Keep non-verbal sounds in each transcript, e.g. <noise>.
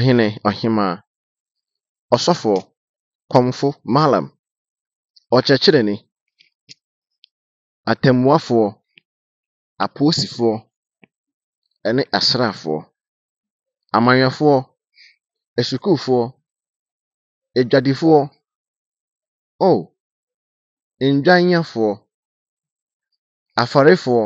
Ɔhene ɔhemaa, ɔsɔfo, kɔmfo malam, ɔkyerɛkyerɛni, atemmuafoɔ, apoosifoɔ ɛne asraafoɔ, amanyɔfoɔ, asukuufoɔ, adwadifoɔ, oh, ndwanyafoɔ, afarefoɔ,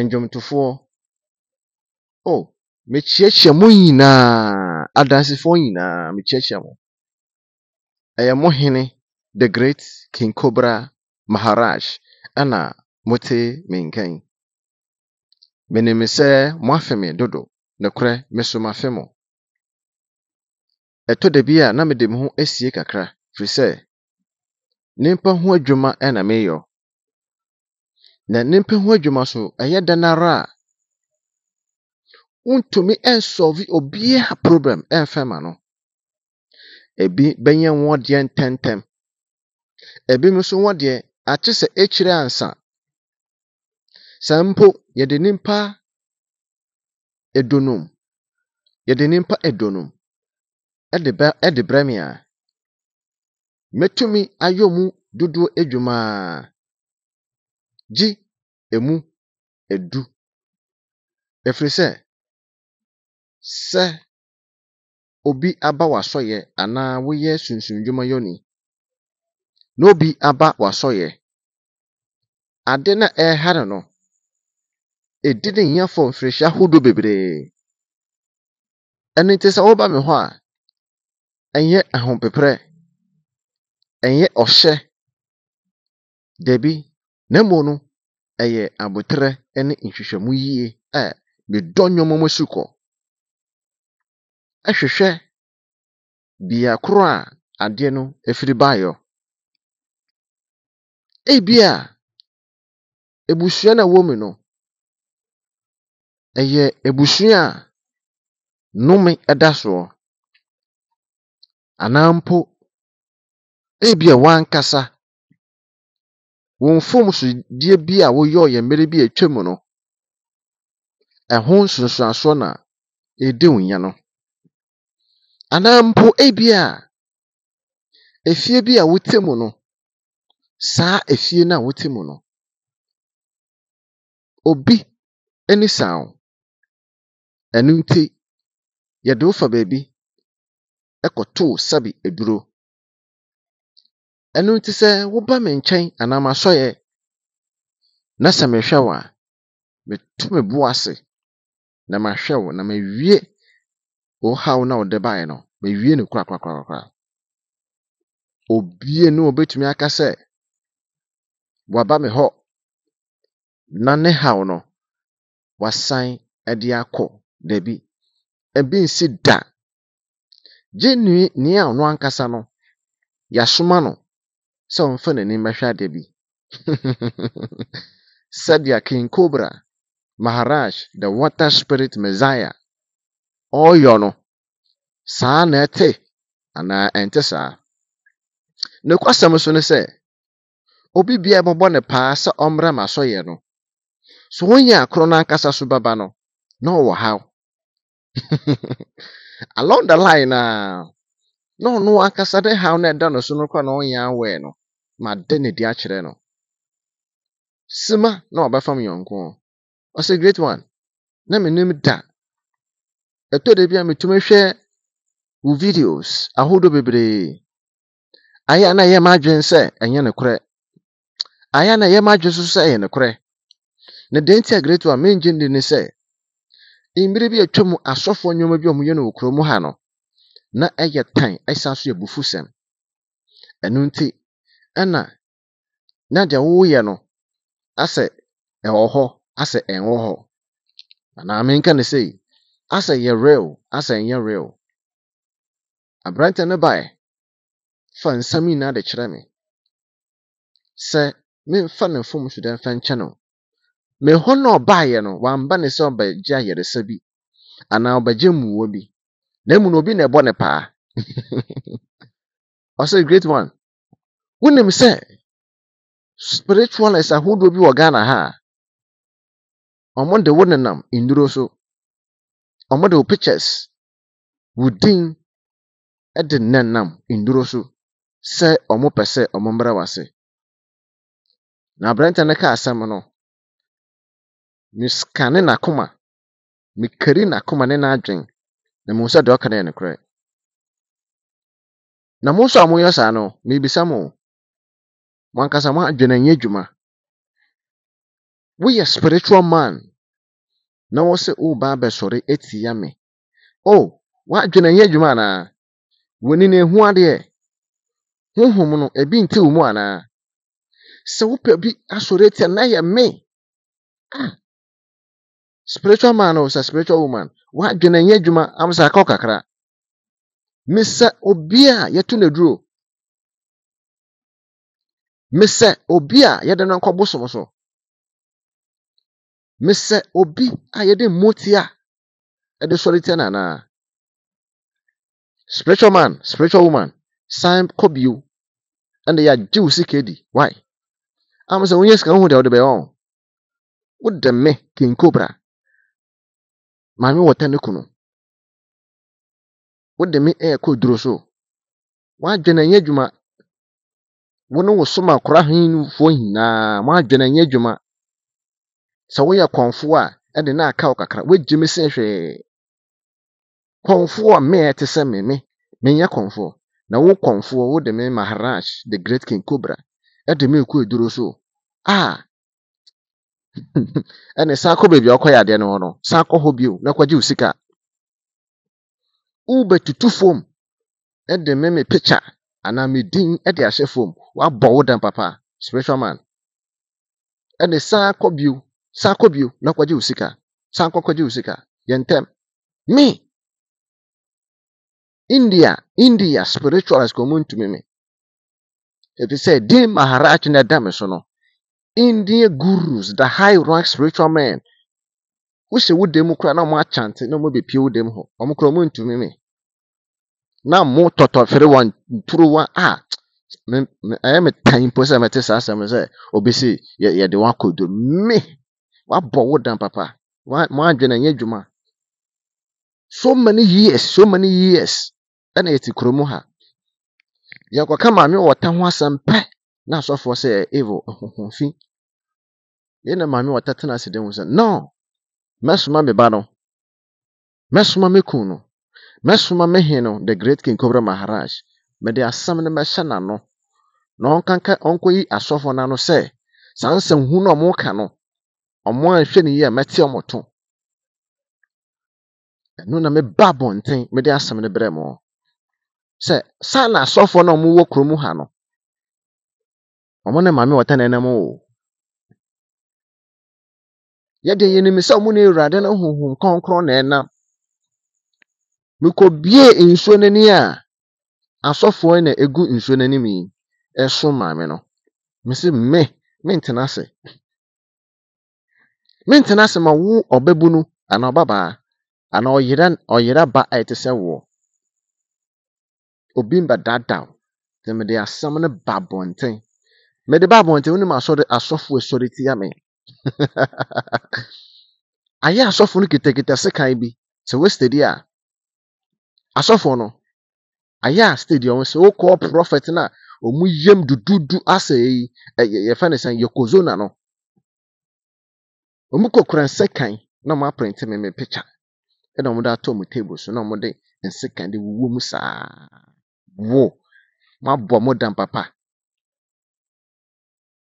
nnwomtofoɔ, oh. mekyiakyia mo nyinaa adansefoɔ nyinaa mekyiakyia mo ɛyɛ mo hene the great king cobra maharaj ɛna mote me nkyɛn menim sɛ moafe me dodo nokorɛ me so mafe mo ɛtɔ da bi a na mede me ho asie kakra firi sɛ nnipa ho adwuma ɛna m'eyɔ. na nnipa ho adwuma so ɛyɛ da no a ntumi nsɔlvi obiara problem ɛnfɛ ma no ebi bɛyɛ wɔn deɛ ntɛntɛm ebi nso wɔn deɛ akye sɛ ekyire ansa sɛ mpo yɛde nipa edonum yɛde nipa edonum ɛde bɛ ɛde brɛ mi a mɛtumi ayɔ mu dodoɔ edwumaa gye emu edu efiri sɛ. sɛ obi aba w'asɔyɛ anaa woyɛ sunsunndwumayɛni na obi aba w'asɔyɛ ade na ɛreha no edi ɛdi ne hiafo mfirihyia ahodoɔ bebree ɛno nti sɛ woba me hɔ a ɛnyɛ ahopeprɛ ɛnyɛ ɔhyɛ dabi na mmom no ɛyɛ abotire ɛne nhwehwɛmu yie a medɔ nneɛma mu kɔ ɛhwehwɛ bea koro a adeɛ no efiri baayɔ ebia ebusua na ɛwɔ mu no ɛyɛ ebusua a nnome ɛda soɔ Anampo, mpo ebia wankasa wɔn mfomsodeɛ bi a wɔyɔɔyɛ mmiri bi a no ɛho nsonsoasoɔ na edi wo nya no anaa mpo ebi a efie bi a wote mu no saa efie na wote mu no obi ani saa wo nti yɛde wo baabi ɛkɔtoo sabi aduro ɛno nti sɛ woba me nkyɛn anaa m'asɔeɛ na sɛ mehwɛ wa, me to me bu ase na ma wo na mawie o haw na wode baeɛ no mewie no korakorakorakora obie no obetumi aka sɛ waba me hɔ na ne haw no wasan de akɔ dabi ebi nsi da gye nea ɔno ankasa no yasoma no sɛ ɔmfa n'anim bɛhwɛ ade bi <laughs> sɛdeɛ king cobra maharaj the water spirit messiah ɔreyɔ no saa na ɛte anaa ɛnte saa nokwasɛm so ne sɛ obi bia ɛbɛbɔ ne paa sɛ ɔmmra ma sɔyɛ no so wonyɛ akoro no ankasa so baba no na ɔwɔ haw <laughs> along the line a na ɔno ankasa de haw no ɛda no so no kɔ na ɔnyɛ awɛɛ no ma de ne di akyerɛ no sima na ɔbɛfam yɔnko ɔsɛ great one na menim da ɛtɔ da bi a metumi hwɛ wo videos ahodoɔ bebree ayɛ na ɛyɛ m'adwene sɛ ɛnyɛ nokorɛ ayɛ na ɛyɛ m'adwene so sɛ ɛyɛ nokorɛ na deɛ nti a great a mengye ndi ne sɛ mmere bi atwam asɔfoɔ nneɛma bi a wɔyɛ no wɔ kurom ha no na ɛyɛ tan ɛsan so yɛ bufu bufusɛm ɛno nti ɛna na deɛ woyɛ no asɛ ɛwɔ hɔ asɛ ɛnwɔ hɔ anaa menka ne sei asɛ yɛ real asɛ ɛnyɛ real abrante no baeɛ fa nsɛm nyinaa de kyerɛ me sɛ memfa ne mfomso dɛ mfa nkyɛ no me na ɔbaeɛ no wamba ne sɛ ɔbɛgye ayaresa bi anaa ɔbɛgye mmuo bi na emu na obi na ɛbɔ ne paa <laughs> ɔsɛ great one wonim sɛ spiritualist ahodoɔ bi wɔ ghana ha a ɔmo de wo nenam nduro so ɔmo de wo pictures wo din de nnɛnnam nduro so sɛ wɔpɛ sɛ wɔmmra w'ase. Na aberante ne kaa asɛm no, meskane n'akoma, mekari n'akoma ne n'adwen, na mehu sɛ deɛ ɔka no yɛ nokorɛ. Na mo nso a moyɛ saa no, miribisa mo, mo ankasa mo adwene nyɛ adwuma. Woyɛ spiritual man na wɔ sɛ woba abɛsɔre atia me. Oh, woadwene nyɛ adwuma anaa? w'ani na ehu adeɛ honhom no ebi nte wo mu anaa sɛ wopɛ bi asɔre etia na yɛ me ah spiritual man o sɛ spiritual woman w'adwene nyɛ adwuma amsa akɔ kakra mesɛ obia yɛto na duro mesɛ obi a yɛde no nkɔ bosom so mesɛ obi a yɛde mmotia ɛde sɔre tia no anaa spiritual man spiritual woman san kɔ bio ɛna yɛ di why ama sɛ wonyɛ sika wohu deɛ wode bɛyɛ ɔ wode me kenkobra maame wɔta ne kunu wode me ɛyɛ kɔ duro so woadwene ɛnyɛ adwuma wo a na aka wo kakra woagye kɔnfoɔ a mmea te sɛ me me menyɛ kɔnfoɔ na wo kɔnfoɔ wo de me maharaj the great king cobra ɛde me kɔ eduro so a <laughs> ɛne saa kɔ baabi a ɔkɔ yɛ adeɛ no hɔ no saa kɔ hɔ bio na kɔgye wo sika wobɛtutu fam ɛde me me picture anaa me din ɛde ahyɛ fam wabɔ wo dan papa spiritual man ɛne saa kɔ bio saa kɔ bio na kɔgye wo sika saa kɔ kɔgye wo sika yɛntɛm me india india spiritualist ka ɔmo ntumi me ebi sɛ din maharaj na ɛda me so no india gurus the high rank spiritual men wohyɛ wo dɛm koraa na ɔmo akyante na ɔmo bepie wo dɛm hɔ ɔmo koraa ɔmo ntumi me na mo tɔtɔfere wɔn nturuwa a ah, me me ɛyɛ me tan mpo sɛ mɛte saa asɛm sɛ obi si yɛ yɛde wɔn akɔ do me wabɔ wo dan papa wɔn adwene ɛnyɛ dwuma so many years so many years. ɛna yɛte kurom ha yɛkɔka maame wɔta ho asɛm pɛ na asɔfoɔ sɛ evil ɛhohomfi yɛn na maame wɔta tena ase dɛm sɛ no mɛsoma me ba no mɛsoma me kun no mɛsoma me hen no the great king cobra maharaj mɛde asɛm no mɛhyɛ n'ano na ɔnkanka ɔnkɔyi asɔfo n'ano sɛ saa nsɛm hu no ɔmo ka no ɔmo anhwɛ ne yie a mɛte ɔmo to ɛno na ba abɔnten mɛde asɛm no brɛ mo. sɛ saa na asɔfoɔ no a wɔ kurom ha no wɔn ne maame wɔta na ɛnam o yɛde yɛnim sɛ wɔn ne awurade no honhom kɔnkɔn na ɛnam mekɔbie nsuo n'ani a asɔfoɔ na egu nsuo n'anim yi ɛso maame no mesi mme mentena ase mentena ase ma wo ɔbɛbu no anaa ɔbabaa anaa ɔyera ɔyera ba a ɛte sɛ woɔ. obi mbɛdadaw nti mede asɛm no ba abɔnten mede ba abɔnten wonim asɔre asɔfo asɔre tia me <laughs> ayɛ asɔfo no kitakita sekan bi sɛ wɔ stadi a asɔfo no ayɛ a stadi ɔmo sɛ wokɔɔ prɔfɛt no a ɔmo yam dududu asɛ yi ɛyɛ yɛfɛ ne sɛn yokozona no ɔmo kɔ nsekan na ɔmo apɛnti me me picture ɛna ɔmo de atɔ ɔmo table so na ɔmo de nsekan de wuwɔ mu saa. wo moabɔ mo dan papa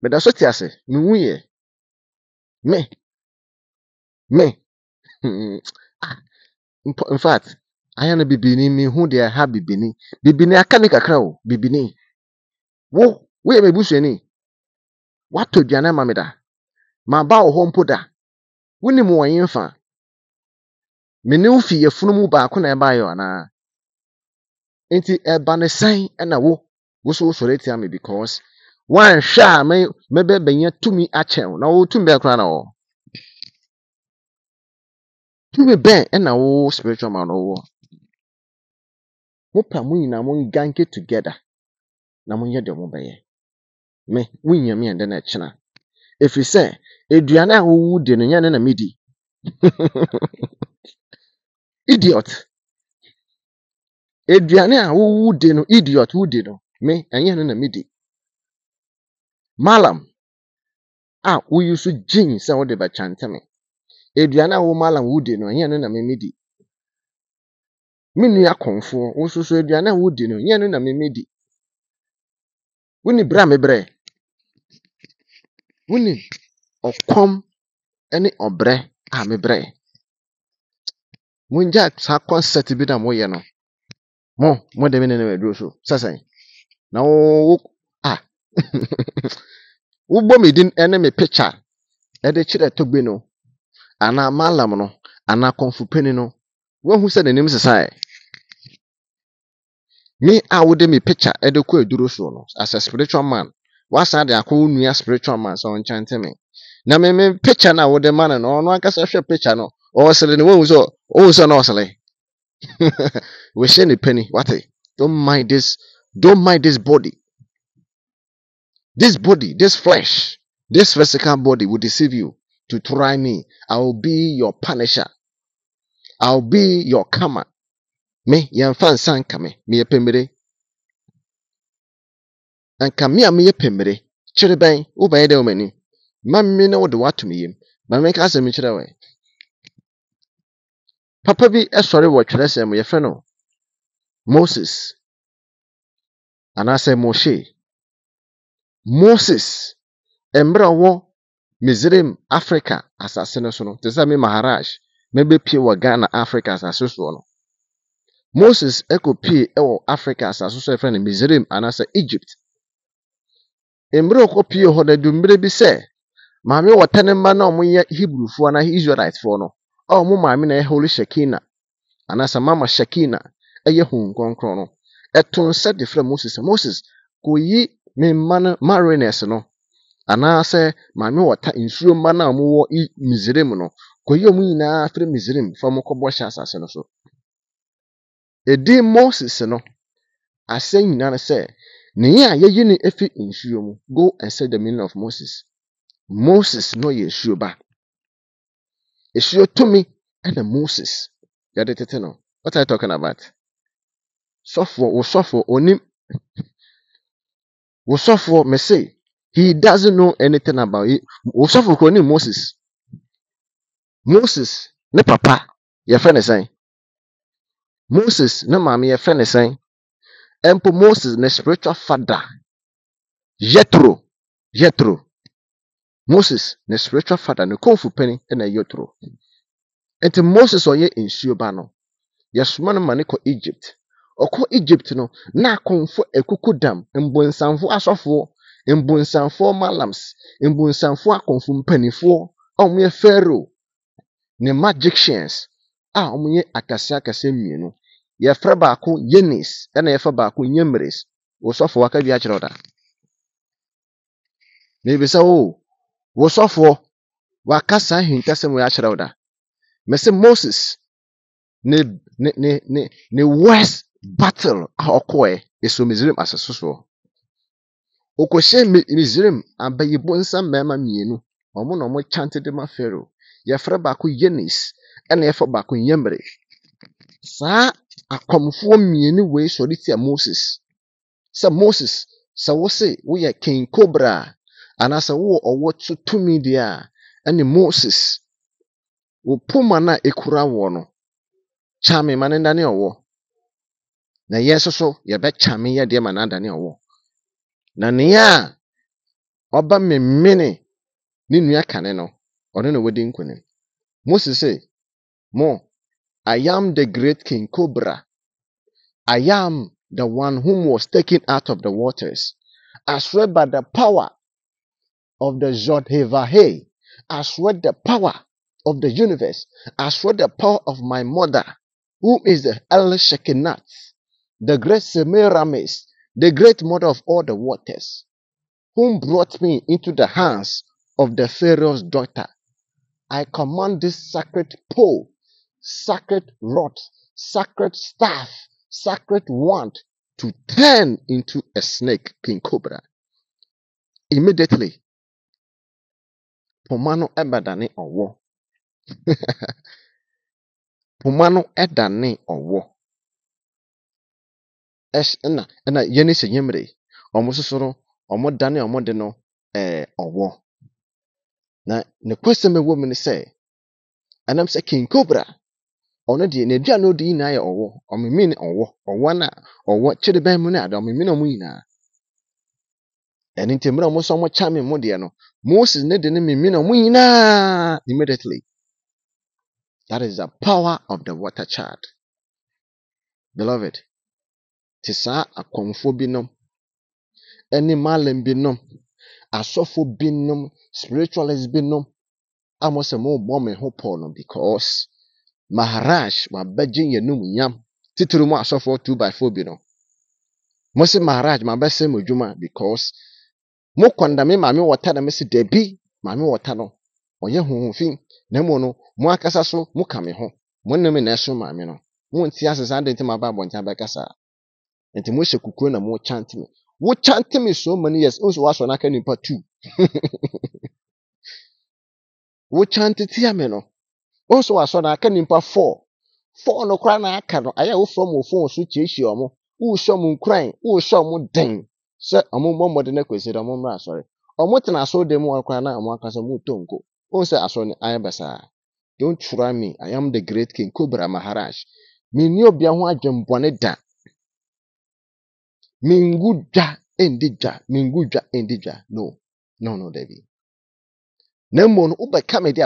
meda so te ase mewu yɛ me me <laughs> ah, in fact anya no bibini mehu deɛ ha bibini bibini aka ne kakra o bibini wo woyɛ mebusuani woatɔ aduane ama me da ba wɔ hɔ mpo da wonim wɔnye mfa mene wo fi funu mu baako na ɛbaayɛ anaa nti ɛbane sɛn ɛna wo woso wosɔre atia me because wanhwɛ a me mɛbɛ bɛnya tumi akyɛn na wo tumi bɛn koraa na wɔ tumi bɛn ɛna wo spiritual man wɔ mopɛ mo nyinaa mo nganke together na monyɛ deɛ mobɛyɛ me mo nyinaa miɛ dɛn na ɛkyena ɛfiri sɛ aduane a wowu di no nyɛ ne na m'idi <laughs> idiot eduane a wowu di no idiot wodi no me ɛnyɛ no na medi malam a woyi so gyin sɛ wode bɛkyanteme aduane a wo malam di no ɛnyɛ no na memedi me nua kɔnfoɔ wo soso aduane a di no ɛnyɛ no na memedi wone berɛ a mebrɛ wone ɔkɔm ne ɔbrɛ a mebrɛ mongya saa concept bi na moyɛ no mo mo dɛm na ɛduro so na wo a <laughs> wobɔ me din ɛne me picture ɛde to gbe no anaa malam no ana kɔnfu no woahu sɛ n'anim sesaeɛ me a wode me picture ɛde kɔ aduro so no as a spiritual man wasan de akɔ nua spiritual man so ɔnkyɛnte me na me me picture na a wode ma no no ɔno picture no na <laughs> wɔhyɛ ne pɛ ni wate don't mind this don't mind this body this body this flesh this physical body will deceive you to try me i will be your punisher i will be your karma. me yɛmfa nsa kame. me meyɛ pɛmmere anka me a meyɛ pɛmmere kyere bɛn wobɛyɛ dɛ wɔ m'anim ma me ne wode woato me yam ma menka asɛm papa bi sɔre wɔ twerɛsɛm yɛfrɛ no moses anaasɛ moshe moses mmerɛ ɔwɔ misraim africa asase no so no te sɛ me maharaj mɛbɛpie wɔ ghana africa asase soɔ no moses kɔpie wɔ africa asase so yɛfrɛ no misraim anaasɛ egypt mmerɛ ɔkɔpie hɔ no adummerɛ bi sɛ maame wɔtɛne mma na ɔmoyɛ hebrewfoɔ anaa israelitefoɔ no a ɔmo maame na ɛyɛ shakina shekina anaasɛ mama shekina ɛyɛ hun kronkron no ɛto nsa de frɛ moses sɛ moses kòyi me mma no mariners no anaasɛ maame wɔta nsuo mma no a ɔmo wɔ i mizirim no kòyi ɔmo nyinaa firi mizirim fa ɔmo kɔbɔ hyɛ asase no so edin moses no asɛn nyinaa no sɛ nea a yɛyi no efi nsuo mu go and set the meaning of moses moses no yɛ nsuo ba. Nsuo tumi na Moses yɛde tete no. What are you talking about? Sɔfoɔ, wo sɔfoɔ, onim. Wo sɔfoɔ, me say, he doesn't know anything about it. Wo sɔfoɔ kɔ onim Moses. Moses ne papa yɛfrɛ ne sɛn. Moses ne maame yɛfrɛ ne sɛn. Mpo Moses ne spiritual father, Yetro. Yetro moses ne spiritual father ne kɔnfu panyin na ɛyɛ toro nti moses ɔyɛ nsuo ba no yɛsoma no ma ne kɔ egypt ɔkɔ egypt no na akɔnfo ekuku dam mbonsanfo asɔfoɔ mbonsanfoɔ malams mbonsanfoɔ akɔnfo mpanimfoɔ a wɔyɛ pharaoh ne magicians a wɔyɛ akɛse akɛse mmienu yɛfrɛ baako yenis ɛna yɛfrɛ baako yemeris osɔfo waka bi akyerɛw da na ebisa o. wo sɔfoɔ waka saa ahintasɛm wɔ akyerɛ wo da mɛsɛ moses ne ne ne ne ne west battle a ɔkɔɛ esu misrim ase sosoɔ okɔhyɛ misrim abayibo nsa mmarima mmienu ɔmo na ɔmo kyante de ma pharaoh yɛfrɛ baako yenis ɛna yɛfrɛ baako yemre saa akɔmfoɔ mmienu wei sɔre tia moses sɛ moses sɛ wose woyɛ king cobra anaasɛ wowɔ ɔwɔ to tumi deɛ a ɛne moses wo poma no a ɛkura wɔ no kyame ma no ndane ɔwɔ na yɛ nso so yɛbɛkyame yɛ deɛ ma no adane ɔwɔ na nea a ɔba memene ne nua kane no ɔno na wɔdi nkonim moses se mo i am the great king cobra i am the one whom was taken out of the waters as well by the power of the Zodhevahe. I swear the power of the universe. I swear the power of my mother, who is the El Shekinat, the great Semiramis, the great mother of all the waters, whom brought me into the hands of the Pharaoh's daughter. I command this sacred pole, sacred rod, sacred staff, sacred wand to turn into a snake, king cobra. Immediately, poma no bɛdane ɔwɔ <laughs> poma no dane ɔwɔ ɛs ɛna ɛna yɛne sɛ yɛmmerɛ ɔmo soso no ɔmo dane ɔmo de no ɛɛ ɔwɔ na ne kwasɛm a ɛwɔ mu ne sɛ ɛnam sɛ king cobra ɔno deɛ n'aduane a odi nyinaa yɛ ɔwɔ ɔmo mean ɔwɔ ɔwɔ na ɔwɔ kyɛrɛ bɛn mu ne ade ɔmo mean ɔmo nyinaa. ɛne nti mmerɛ a mo nso mokyɛ me mo deɛ no moses ne de ne mimi na mo nyinaa immediately that is the power of the water child beloved te saa akɔmfoɔ binom ɛne malam binom asɔfo binom spiritualist binom a mo sɛ mobɔ me ho pɔw no because maharaj wabɛgye yɛn num nyam titiri mu asɔfo two by four bi no mo sɛ maharaj mabɛsɛ mo adwuma because mo kwanda me maame wɔta na mesi dɛbi maame wɔta no ɔyɛ huhu fi na mu no mo akasa so mo ka me ho mo nam na ɛso maame no mo nti ase saa de nti ma ba abɔnten abɛkasa nti mo hyɛ kukuo na mo kyante me wo kyante me so many years nso wasɔ n'aka nipa two <laughs> wo kyante tia me no nso wasɔ n'aka nipa four four no koraa na aka no ayɛ a wofura mo phone so kyeehyia ɔmo wosɔ nkran nkuran wosɔ mo den. sɛ ɔmo mmɔ mmɔden na kwesi ɔmo mmerɛ asɔre ɔmo tena asɔre dɛm akora na ɔmo akasa mu to nko o sɛ asɔre no ayɛ basaa don try me i am the great king kobra maharaj menni obia ho adwembɔne da mengu dwa ndi dwa mengu dwa ndi dwa no no no debi na